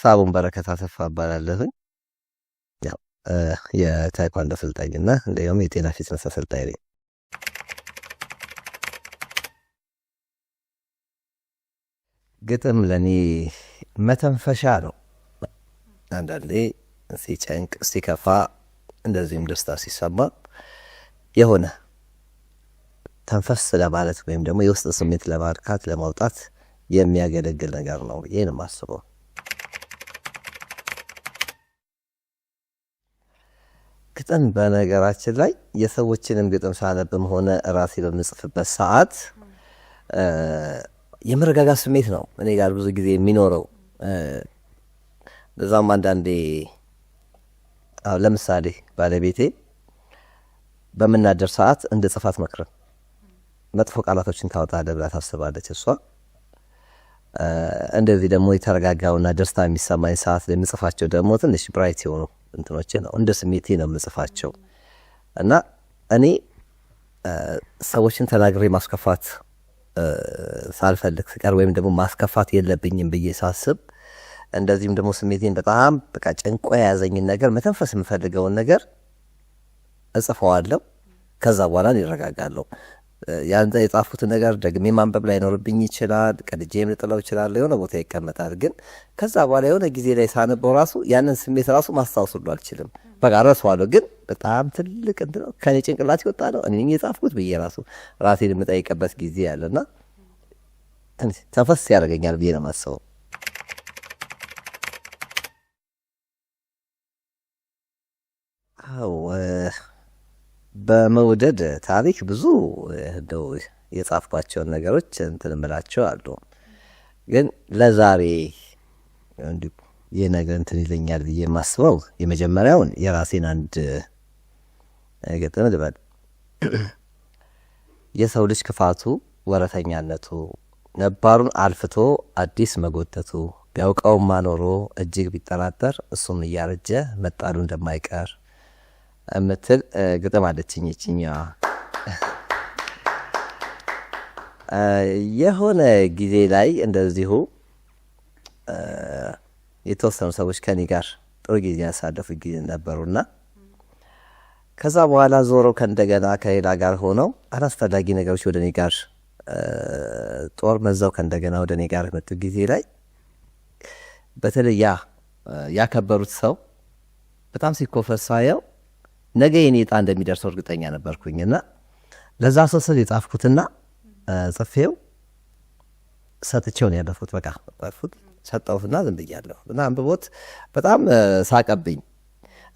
ሳቡን በረከት አሰፋ እባላለሁኝ። የታይኳንዶ አሰልጣኝና እንዲሁም የጤና ፊትነስ አሰልጣኝ ነኝ። ግጥም ለእኔ መተንፈሻ ነው። አንዳንዴ ሲጨንቅ፣ ሲከፋ፣ እንደዚህም ደስታ ሲሰማ የሆነ ተንፈስ ለማለት ወይም ደግሞ የውስጥ ስሜት ለማርካት ለማውጣት የሚያገለግል ነገር ነው። ይህንም የማስበው ግጥም በነገራችን ላይ የሰዎችንም ግጥም ሳነብም ሆነ ራሴ በምጽፍበት ሰዓት የመረጋጋት ስሜት ነው እኔ ጋር ብዙ ጊዜ የሚኖረው። በዛም አንዳንዴ ለምሳሌ ባለቤቴ በምናደር ሰዓት እንደ ጽፋት መክረም መጥፎ ቃላቶችን ታወጣለህ ብላ ታስባለች እሷ። እንደዚህ ደግሞ የተረጋጋውና ደስታ የሚሰማኝ ሰዓት ለሚጽፋቸው ደግሞ ትንሽ ብራይት የሆኑ እንትኖቼ ነው እንደ ስሜቴ ነው የምጽፋቸው እና እኔ ሰዎችን ተናግሬ ማስከፋት ሳልፈልግ ስቀር ወይም ደግሞ ማስከፋት የለብኝም ብዬ ሳስብ እንደዚህም ደግሞ ስሜቴን በጣም በቃ ጨንቆ የያዘኝን ነገር መተንፈስ የምፈልገውን ነገር እጽፈዋለሁ። ከዛ በኋላ ይረጋጋለሁ። ያንዛ የጻፉት ነገር ደግሜ ማንበብ ላይኖርብኝ ይችላል። ቀድጄም ልጥለው ይችላለሁ። የሆነ ቦታ ይቀመጣል። ግን ከዛ በኋላ የሆነ ጊዜ ላይ ሳነበው ራሱ ያንን ስሜት ራሱ ማስታወስ አልችልም። በቃ ረሳዋለሁ። ግን በጣም ትልቅ እንትን ነው። ከኔ ጭንቅላት ይወጣ ነው እኔ የጻፍኩት ብዬ ራሱ ራሴን የምጠይቅበት ጊዜ ያለና ተንፈስ ያደርገኛል ብዬ ነው የማስበው። አዎ በመውደድ ታሪክ ብዙ እንደው የጻፍኳቸውን ነገሮች እንትን አሉ። ግን ለዛሬ እንዲ ይህ ነገር እንትን ይለኛል ብዬ የማስበው የመጀመሪያውን የራሴን አንድ ግጥም ልበል። የሰው ልጅ ክፋቱ ወረተኛነቱ፣ ነባሩን አልፍቶ አዲስ መጎተቱ፣ ቢያውቀውማ ኖሮ እጅግ ቢጠራጠር እሱም እያረጀ መጣሉ እንደማይቀር የምትል ግጥም አለችኝ። ይችኛዋ የሆነ ጊዜ ላይ እንደዚሁ የተወሰኑ ሰዎች ከኔ ጋር ጥሩ ጊዜ ያሳለፉ ጊዜ ነበሩና ከዛ በኋላ ዞረው ከእንደገና ከሌላ ጋር ሆነው አላስፈላጊ ነገሮች ወደ እኔ ጋር ጦር መዛው ከእንደገና ወደ እኔ ጋር መጡ ጊዜ ላይ በተለይ ያ ያከበሩት ሰው በጣም ሲኮፈር ሳየው ነገ የኔ ዕጣ እንደሚደርሰው እርግጠኛ ነበርኩኝና ለዛ ሰው ስል የጻፍኩትና ጽፌው ሰጥቼው ነው ያለፉት። በቃ ጠፉት ሰጠሁትና ዝም ብያለሁ እና አንብቦት በጣም ሳቀብኝ።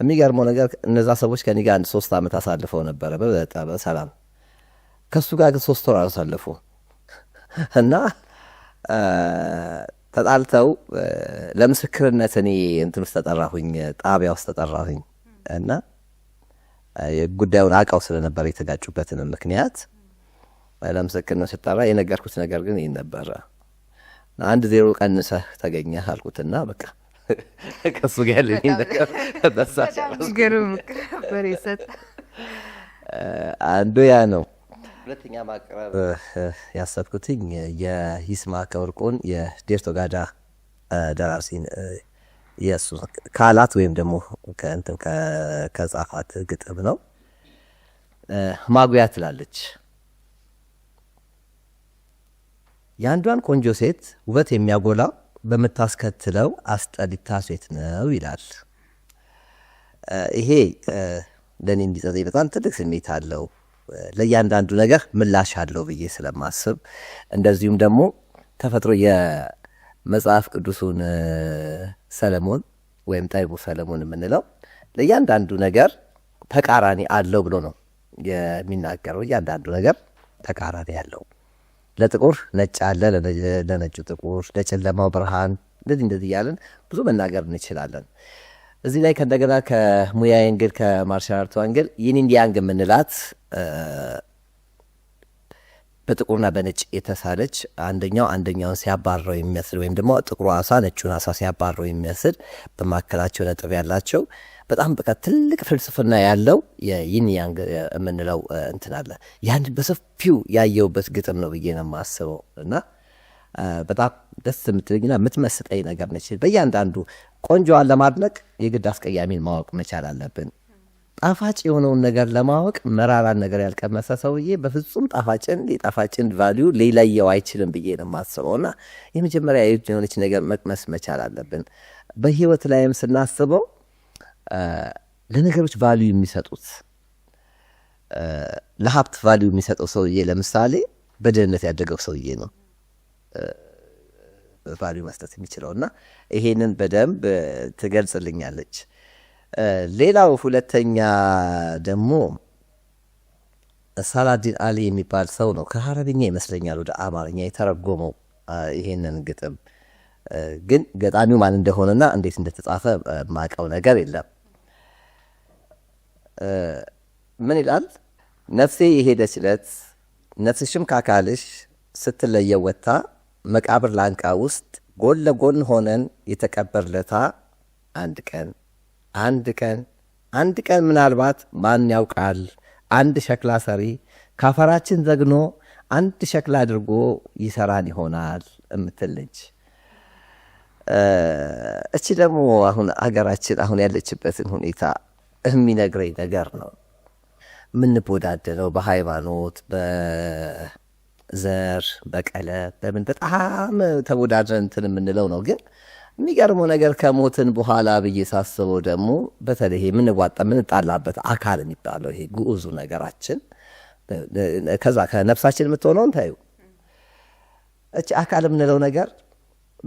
የሚገርመው ነገር እነዛ ሰዎች ከኔ ጋር አንድ ሶስት ዓመት አሳልፈው ነበረ በጠበ ሰላም። ከእሱ ጋር ግን ሶስት ወር አሳልፉ እና ተጣልተው ለምስክርነት እኔ እንትን ውስጥ ተጠራሁኝ፣ ጣቢያ ውስጥ ተጠራሁኝ እና ጉዳዩን አውቃው ስለነበረ የተጋጩበትን ምክንያት ለምስክርነት ስጠራ የነገርኩት ነገር ግን ይህን ነበረ። አንድ ዜሮ ቀንሰህ ተገኘህ አልኩትና በቃ ከሱ ጋር አንዱ ያ ነው። ሁለተኛ ማቅረብ ያሰብኩትኝ የይስማከ ወርቁን የዴርቶጋዳ ደራሲን የእሱ ካላት ወይም ደግሞ ከእንትን ከጻፋት ግጥም ነው። ማጉያ ትላለች። የአንዷን ቆንጆ ሴት ውበት የሚያጎላ በምታስከትለው አስጠሊታ ሴት ነው ይላል። ይሄ ለእኔ እንዲጸጠኝ በጣም ትልቅ ስሜት አለው። ለእያንዳንዱ ነገር ምላሽ አለው ብዬ ስለማስብ እንደዚሁም ደግሞ ተፈጥሮ የመጽሐፍ ቅዱሱን ሰለሞን ወይም ጠቢቡ ሰለሞን የምንለው ለእያንዳንዱ ነገር ተቃራኒ አለው ብሎ ነው የሚናገረው። እያንዳንዱ ነገር ተቃራኒ አለው። ለጥቁር ነጭ አለ፣ ለነጩ ጥቁር፣ ለጨለማው ብርሃን። እንደዚህ እንደዚህ እያለን ብዙ መናገር እንችላለን። እዚህ ላይ ከእንደገና ከሙያ አንግል ከማርሻል አርቱ አንግል ይህን and የምንላት በጥቁርና በነጭ የተሳለች አንደኛው አንደኛውን ሲያባረው የሚመስል ወይም ደግሞ ጥቁሩ አሳ ነጩን አሳ ሲያባረው የሚመስል በመካከላቸው ነጥብ ያላቸው በጣም በቃ ትልቅ ፍልስፍና ያለው የይን ያንግ የምንለው እንትን አለ። ያን በሰፊው ያየውበት ግጥም ነው ብዬ ነው የማስበው እና በጣም ደስ የምትለኝና የምትመስጠኝ ነገር ነች። በእያንዳንዱ ቆንጆዋን ለማድነቅ የግድ አስቀያሚን ማወቅ መቻል አለብን። ጣፋጭ የሆነውን ነገር ለማወቅ መራራን ነገር ያልቀመሰ ሰውዬ በፍጹም ጣፋጭን የጣፋጭን ቫሊዩ ሊለየው አይችልም ብዬ ነው የማስበው። እና የመጀመሪያ የሆነች ነገር መቅመስ መቻል አለብን። በህይወት ላይም ስናስበው ለነገሮች ቫሊዩ የሚሰጡት ለሀብት ቫሊዩ የሚሰጠው ሰውዬ ለምሳሌ በድህነት ያደገው ሰውዬ ነው ቫሊዩ መስጠት የሚችለው እና ይሄንን በደንብ ትገልጽልኛለች። ሌላው ሁለተኛ ደግሞ ሳላዲን አሊ የሚባል ሰው ነው። ከሀረብኛ ይመስለኛል ወደ አማርኛ የተረጎመው ይሄንን ግጥም ግን ገጣሚው ማን እንደሆነና እንዴት እንደተጻፈ ማቀው ነገር የለም። ምን ይላል? ነፍሴ የሄደች ዕለት ነፍስሽም ካካልሽ ስትለየው ወታ መቃብር ላንቃ ውስጥ ጎን ለጎን ሆነን የተቀበርለታ አንድ ቀን አንድ ቀን አንድ ቀን ምናልባት ማን ያውቃል አንድ ሸክላ ሰሪ ከአፈራችን ዘግኖ አንድ ሸክላ አድርጎ ይሰራን ይሆናል እምትል እቺ ደግሞ አሁን አገራችን አሁን ያለችበትን ሁኔታ የሚነግረኝ ነገር ነው። የምንቦዳደነው በሃይማኖት፣ በዘር፣ በቀለ በምን በጣም ተቦዳድረን እንትን የምንለው ነው ግን የሚገርመው ነገር ከሞትን በኋላ ብዬ ሳስበው ደግሞ በተለይ የምንዋጣ የምንጣላበት አካል የሚባለው ይሄ ግዑዙ ነገራችን ከዛ ከነፍሳችን የምትሆነውን ታዩ እቺ አካል የምንለው ነገር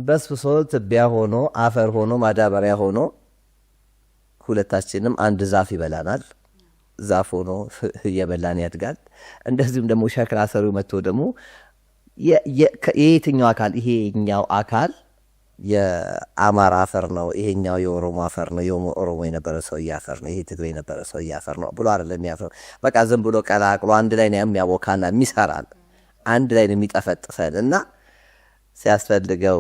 በስብሶ ትቢያ ሆኖ አፈር ሆኖ ማዳበሪያ ሆኖ ሁለታችንም አንድ ዛፍ ይበላናል። ዛፍ ሆኖ እየበላን ያድጋል። እንደዚሁም ደግሞ ሸክላ ሰሪው መጥቶ ደግሞ የየትኛው አካል ይሄኛው አካል የአማራ አፈር ነው፣ ይሄኛው የኦሮሞ አፈር ነው፣ የኦሮሞ የነበረ ሰው እያፈር ነው፣ ይሄ ትግሬ የነበረ ሰው እያፈር ነው ብሎ አይደለም የሚያፈር። በቃ ዝም ብሎ ቀላቅሎ አንድ ላይ ነው የሚያቦካና የሚሰራል፣ አንድ ላይ ነው የሚጠፈጥሰን እና ሲያስፈልገው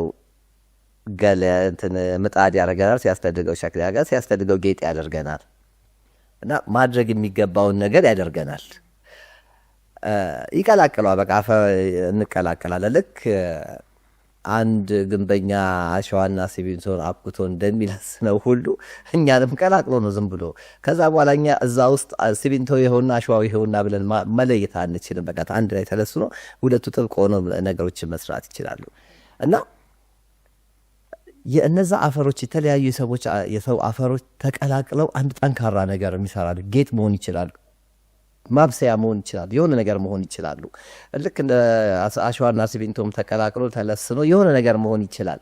ገለ እንትን ምጣድ ያደርገናል፣ ሲያስፈልገው ሸክላ ያገ ሲያስፈልገው ጌጥ ያደርገናል እና ማድረግ የሚገባውን ነገር ያደርገናል። ይቀላቅሏል። በቃ እንቀላቅላለን ልክ አንድ ግንበኛ አሸዋና ሲሚንቶን እንደሚለስ ነው ሁሉ እኛንም ቀላቅሎ ነው ዝም ብሎ። ከዛ በኋላ እኛ እዛ ውስጥ ሲሚንቶ ይኸውና አሸዋው ይኸውና ብለን መለየት አንችልም። በቃ አንድ ላይ ተለስኖ ሁለቱ ጥብቅ ሆኖ ነገሮችን መስራት ይችላሉ። እና የእነዛ አፈሮች የተለያዩ የሰዎች የሰው አፈሮች ተቀላቅለው አንድ ጠንካራ ነገር የሚሰራሉ፣ ጌጥ መሆን ይችላሉ። ማብሰያ መሆን ይችላሉ፣ የሆነ ነገር መሆን ይችላሉ። ልክ እንደ አሸዋና ሲሚንቶም ተቀላቅሎ ተለስኖ የሆነ ነገር መሆን ይችላል።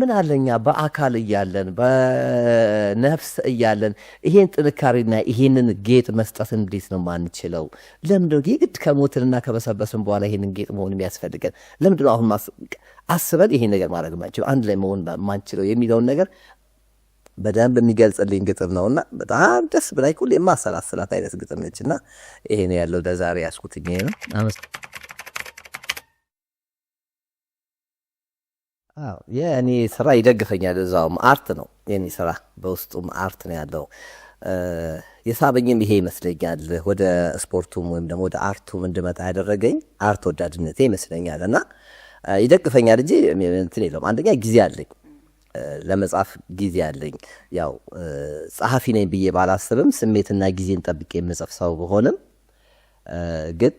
ምን አለኛ በአካል እያለን በነፍስ እያለን ይሄን ጥንካሬና ይሄንን ጌጥ መስጠት እንዴት ነው ማንችለው? ለምንድነው የግድ ከሞትንና ከበሰበስን በኋላ ይሄንን ጌጥ መሆን የሚያስፈልገን? ለምንድነው አሁን አስበን ይሄን ነገር ማድረግ ማንችለው አንድ ላይ መሆን ማንችለው የሚለውን ነገር በደንብ የሚገልጽልኝ ግጥም ነው እና በጣም ደስ ብላይ ሁሌ የማሰላስላት አይነት ግጥም ነች እና ይሄ ነው ያለው። ለዛሬ ያስኩት ይሄ ነው። የእኔ ስራ ይደግፈኛል። እዛውም አርት ነው የኔ ስራ፣ በውስጡም አርት ነው ያለው። የሳበኝም ይሄ ይመስለኛል። ወደ ስፖርቱም ወይም ደግሞ ወደ አርቱም እንድመጣ ያደረገኝ አርት ወዳድነቴ ይመስለኛል እና ይደግፈኛል እንጂ እንትን የለውም። አንደኛ ጊዜ አለኝ ለመጻፍ ጊዜ አለኝ። ያው ጸሐፊ ነኝ ብዬ ባላስብም ስሜትና ጊዜን ጠብቄ የምጽፍ ሰው ብሆንም ግን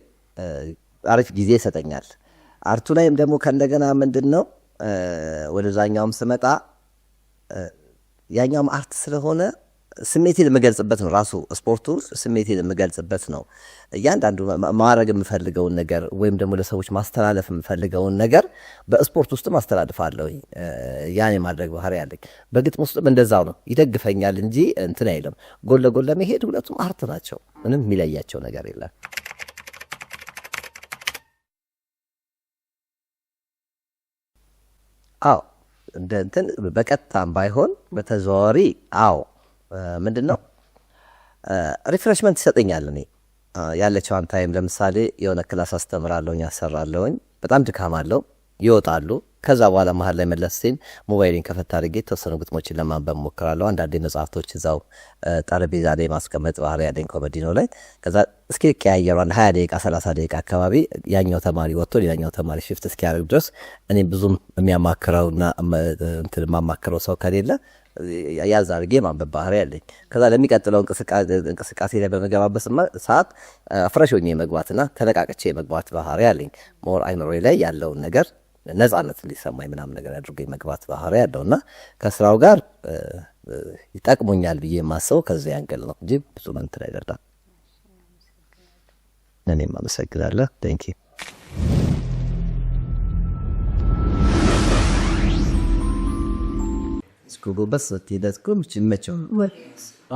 አሪፍ ጊዜ ይሰጠኛል። አርቱ ላይም ደግሞ ከእንደገና ምንድን ነው ወደዛኛውም ስመጣ ያኛውም አርት ስለሆነ ስሜቴ የምገልጽበት ነው። ራሱ ስፖርቱ ስሜቴ የምገልጽበት ነው። እያንዳንዱ ማድረግ የምፈልገውን ነገር ወይም ደግሞ ለሰዎች ማስተላለፍ የምፈልገውን ነገር በስፖርት ውስጥም ማስተላልፋለሁ። ያን ማድረግ ባህሪ ያለኝ በግጥም ውስጥም እንደዛው ነው። ይደግፈኛል እንጂ እንትን አይልም። ጎን ለጎን ለመሄድ ሁለቱም አርት ናቸው። ምንም የሚለያቸው ነገር የለም። አዎ እንደ እንትን በቀጥታም ባይሆን በተዘዋዋሪ አዎ ምንድን ነው ሪፍሬሽመንት ይሰጠኛል። እኔ ያለችዋን ታይም ለምሳሌ የሆነ ክላስ አስተምራለሁኝ፣ ያሰራለሁኝ በጣም ድካም አለው ይወጣሉ። ከዛ በኋላ መሀል ላይ መለስ ሲል ሞባይልን ከፈታ አድርጌ የተወሰኑ ግጥሞችን ለማንበብ ሞክራለሁ። አንዳንዴ መጽሐፍቶች እዛው ጠረጴዛ ላይ ማስቀመጥ ባህሪ ያለኝ ኮመዲኖ ላይ ከዛ እስኪቀያየሩ አንድ ሀያ ደቂቃ ሰላሳ ደቂቃ አካባቢ ያኛው ተማሪ ወጥቶ ሌላኛው ተማሪ ሽፍት እስኪያደርግ ድረስ እኔ ብዙም የሚያማክረውና የማማክረው ሰው ከሌለ ያዝ አድርጌ ማንበብ ባህሪ ያለኝ ከዛ ለሚቀጥለው እንቅስቃሴ ላይ በመገባበት ሰዓት ፍረሽ ሆኜ መግባትና ተነቃቅቼ የመግባት ባህሪ ያለኝ ሞር አይምሮ ላይ ያለውን ነገር ነጻነት ሊሰማኝ ምናምን ነገር አድርጎ የመግባት ባህሪ ያለውና ከስራው ጋር ይጠቅሙኛል ብዬ የማስበው ከዚህ ያንገል ነው እንጂ ብዙ መንትን አይደርዳም። እኔም አመሰግናለሁ። ቴንክ ዩ سكوبو بس تيداتكم تمتعوا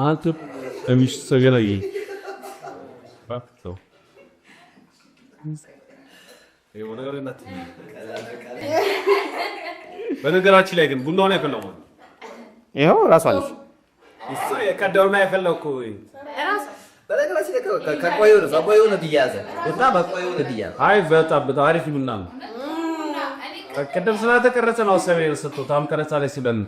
انتم مش سجلي በነገራችን ላይ ግን ቡናውን ያፈላው ይኸው ራሱ አለች። እሱ የቀዳውና አይ በጣም በጣም አሪፍ ቡና ነው። ቅድም ስላልተቀረጸ ነው ሰሜን ሰጥቶታም ቀረጻ ላይ ሲለን